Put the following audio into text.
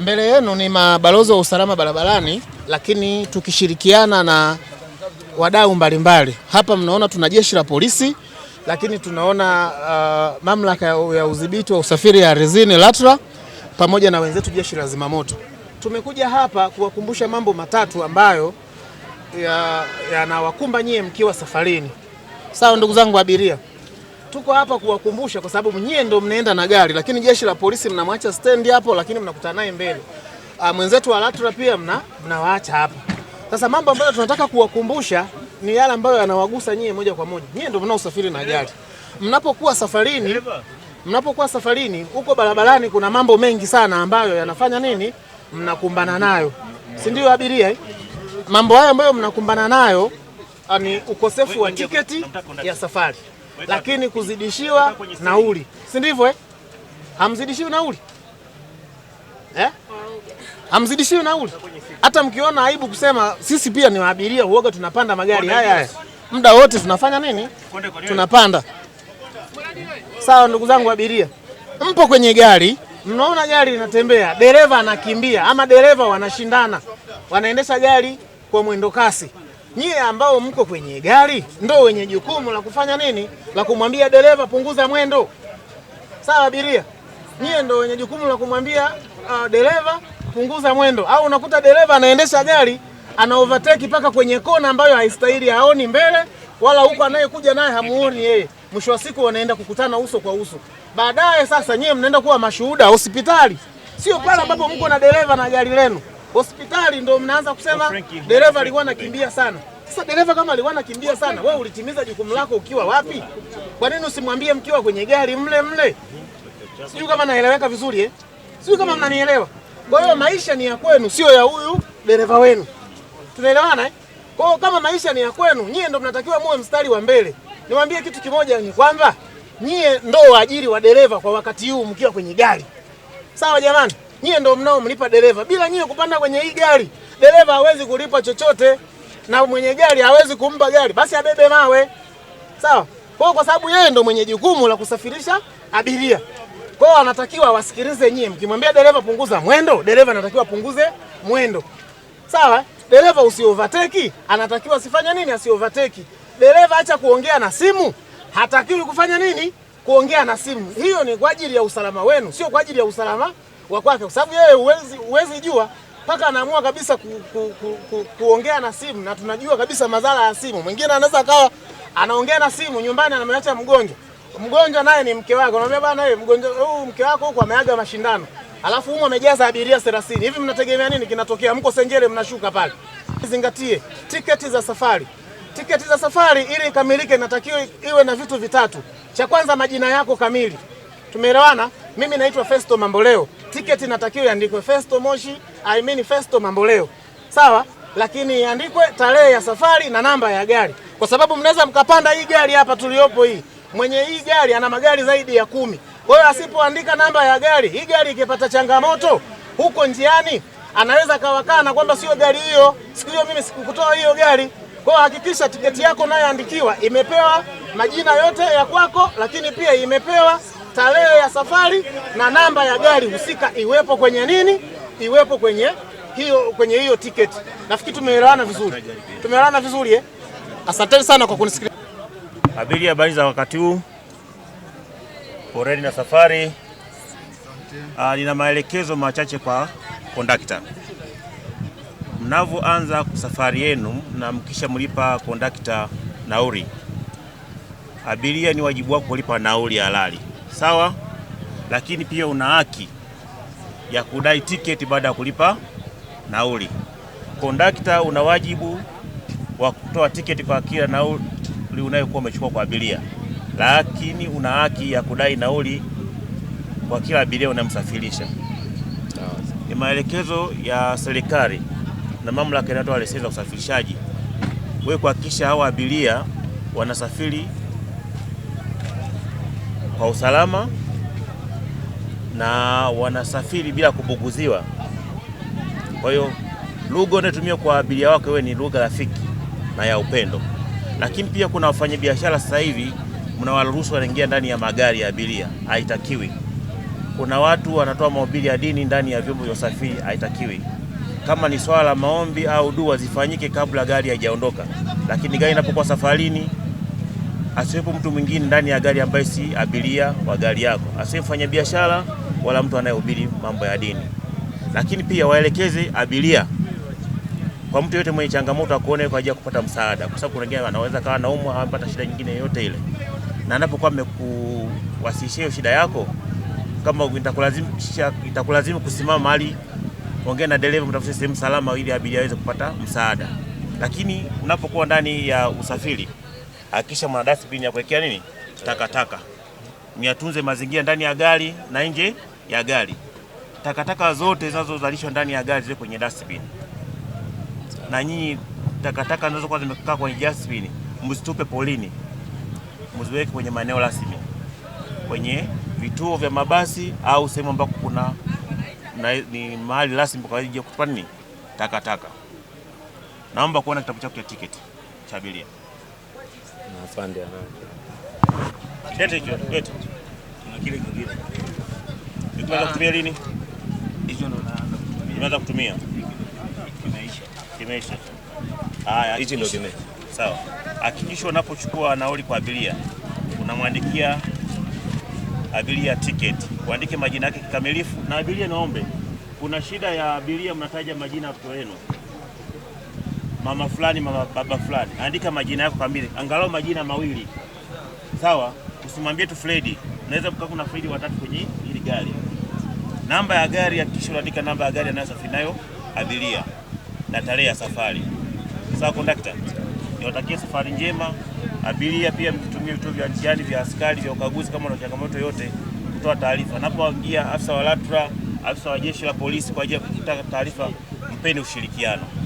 Mbele yenu ni mabalozi wa usalama barabarani, lakini tukishirikiana na wadau mbalimbali. Hapa mnaona tuna jeshi la polisi, lakini tunaona uh, mamlaka ya udhibiti wa usafiri ya ardhini LATRA, pamoja na wenzetu jeshi la zimamoto. Tumekuja hapa kuwakumbusha mambo matatu ambayo yanawakumba ya nyie mkiwa safarini. Sawa ndugu zangu abiria tuko hapa kuwakumbusha, kwa sababu nyie ndio mnaenda na gari, lakini jeshi la polisi mnamwacha stand hapo, lakini mnakutana naye mbele. Ah, mwenzetu wa LATRA pia mna mnawaacha hapa. Sasa mambo ambayo tunataka kuwakumbusha ni yale ambayo yanawagusa nyie moja kwa moja. Nyie ndio mnaosafiri na gari, mnapokuwa safarini, mnapokuwa safarini huko barabarani, kuna mambo mengi sana ambayo yanafanya nini, mnakumbana nayo, si ndio abiria? Eh? Mambo hayo ambayo mnakumbana nayo ah, ni ukosefu wa tiketi ya safari lakini kuzidishiwa nauli, si ndivyo eh? Hamzidishiwi nauli eh? Hamzidishiwi nauli. Hata mkiona aibu kusema sisi pia ni waabiria, uoga tunapanda magari haya haya muda wote, tunafanya nini? Tunapanda. Sawa, ndugu zangu abiria, mpo kwenye gari, mnaona gari linatembea, dereva anakimbia ama dereva wanashindana, wanaendesha gari kwa mwendo kasi nyie ambao mko kwenye gari ndo wenye jukumu la kufanya nini, la kumwambia dereva punguza mwendo. Sawa abiria, nyie ndo wenye jukumu la kumwambia uh, dereva punguza mwendo, au unakuta dereva anaendesha gari ana overtake mpaka kwenye kona ambayo haistahili, haoni mbele wala huko anayekuja naye hamuoni yeye. Mwisho wa siku wanaenda kukutana uso kwa uso. Baadaye sasa, nyie mnaenda kuwa mashuhuda hospitali, sio pale ambapo mko na dereva na gari lenu hospitali ndio mnaanza kusema oh, dereva alikuwa anakimbia sana. Sasa dereva kama alikuwa anakimbia sana, wewe ulitimiza jukumu lako ukiwa wapi? Kwa nini usimwambie mkiwa kwenye gari mle mle? Sijui kama naeleweka vizuri eh? Sijui kama mnanielewa. Kwa hiyo maisha ni ya kwenu, sio ya huyu dereva wenu. Tunaelewana eh? Kwa hiyo kama maisha ni ya kwenu, nyie ndio mnatakiwa muwe mstari wa mbele. Niwaambie kitu kimoja ni kwamba nyie ndio waajiri wa dereva kwa wakati huu mkiwa kwenye gari. Sawa jamani? nyie ndio mnaomlipa dereva. Bila nyie kupanda kwenye hii gari, dereva hawezi kulipa chochote na mwenye gari hawezi kumpa gari, basi abebe mawe. Sawa? Kwa kwa sababu yeye ndio mwenye jukumu la kusafirisha abiria, kwa hiyo anatakiwa wasikilize nyie. Mkimwambia dereva punguza mwendo, dereva anatakiwa punguze mwendo. Sawa? Dereva overtake, anatakiwa asifanye nini? overtake. Dereva acha kuongea na simu, hatakiwi kufanya nini? Kuongea na simu. Hiyo ni kwa ajili ya usalama wenu, sio kwa ajili ya usalama wa kwake, kwa sababu yeye huwezi huwezi jua mpaka anaamua kabisa ku, ku, ku, ku, kuongea na simu, na tunajua kabisa madhara ya simu. Mwingine anaweza akawa anaongea na simu nyumbani, anamwacha mgonjwa. Mgonjwa naye ni mke wake, unamwambia bwana, wewe mgonjwa huu uh, mke wako huko ameaga mashindano, alafu huko amejaza abiria 30 hivi, mnategemea nini kinatokea? Mko Senjele, mnashuka pale. Zingatie tiketi za safari. Tiketi za safari ili ikamilike, inatakiwa iwe na vitu vitatu. Cha kwanza, majina yako kamili, tumeelewana mimi naitwa Festo Mamboleo, tiketi natakiwa iandikwe Festo Moshi, I mean Festo Mamboleo, sawa, lakini iandikwe tarehe ya safari na namba ya gari, kwa sababu mnaweza mkapanda hii gari hapa tuliyopo hii. Mwenye hii gari ana magari zaidi ya kumi. Kwa hiyo asipoandika namba ya gari, hii gari ikipata changamoto huko njiani, anaweza kawakana kwamba sio gari hiyo, siku hiyo mimi sikukutoa hiyo gari. Kwa hiyo hakikisha tiketi yako nayoandikiwa imepewa majina yote ya kwako, lakini pia imepewa tarehe ya safari na namba ya gari husika iwepo kwenye nini, iwepo kwenye hiyo, kwenye hiyo tiketi. Nafikiri tumeelewana vizuri, tumeelewana vizuri eh? Asanteni sana kwa kunisikiliza. Abiria, habari za wakati huu, poreni na safari. Uh, nina maelekezo machache kwa kondakta. Mnavyoanza safari yenu na mkisha mlipa kondakta nauli, abiria ni wajibu wako kulipa nauli halali sawa, lakini pia una haki ya kudai tiketi baada ya kulipa nauli. Kondakta una wajibu wa kutoa tiketi kwa kila nauli unayokuwa umechukua kwa abiria, lakini una haki ya kudai nauli kwa kila abiria unamsafirisha. Ni maelekezo ya serikali na mamlaka inayotoa leseni za usafirishaji, wewe kuhakikisha hawa abiria wanasafiri kwa usalama na wanasafiri bila kubuguziwa. Kwa hiyo lugha unayotumia kwa abiria wake wewe ni lugha rafiki na ya upendo. Lakini pia kuna wafanyabiashara sasa hivi mnawaruhusu wanaingia ndani ya magari ya abiria, haitakiwi. Kuna watu wanatoa mahubiri ya dini ndani ya vyombo vya usafiri, haitakiwi. Kama ni swala la maombi au dua zifanyike kabla gari haijaondoka, lakini gari inapokuwa safarini asiwepo mtu mwingine ndani ya gari ambaye si abiria wa gari yako, asiye mfanya biashara wala mtu anayehubiri mambo ya dini. Lakini pia waelekeze abiria kwa mtu yote mwenye changamoto akuone kwa ajili ya kupata msaada, kwa sababu kuna wengine anaweza kawa naumwa hapata shida nyingine yoyote ile, na anapokuwa amekuwasishia shida yako, kama itakulazimu kusimama mahali, ongea na dereva, mtafute sehemu salama ili abiria aweze kupata msaada. Lakini unapokuwa ndani ya usafiri hakikisha mna dustbin ya kuwekea nini takataka. Myatunze mazingira ndani ya gari na nje ya gari. Takataka zote zinazozalishwa ndani ya gari ziwe kwenye dustbin, na nyinyi takataka zinazokuwa zimekaa kwenye dustbin msitupe polini, mziweke kwenye maeneo rasmi, kwenye vituo vya mabasi au sehemu ambako kuna na, ni mahali rasmi kwa ajili ya kutupa nini takataka. Naomba kuona kitabu chako cha tiketi cha abiria afande kutumia lini? Tumeanza kutumia Haya, hichi ndio Sawa, hakikisha unapochukua nauli kwa abiria unamwandikia abiria tiketi, uandike majina yake kikamilifu. Na abiria, naombe kuna shida ya abiria, mnataja majina yenu mama fulani, mama baba fulani, andika majina yako kamili, angalau majina mawili sawa. Usimwambie tu Fredi, unaweza kukaa kuna Fredi watatu kwenye hili gari. Namba ya gari, hakikisha unaandika namba ya gari anayosafiri nayo abiria na tarehe ya safari. Sawa, kondakta, niwatakie safari njema abiria. Pia mkitumia vituo vya njiani vya askari vya ukaguzi, kama una changamoto yote kutoa taarifa. Anapoingia afisa wa LATRA, afisa wa jeshi la polisi kwa ajili ya kutaka taarifa, mpeni ushirikiano.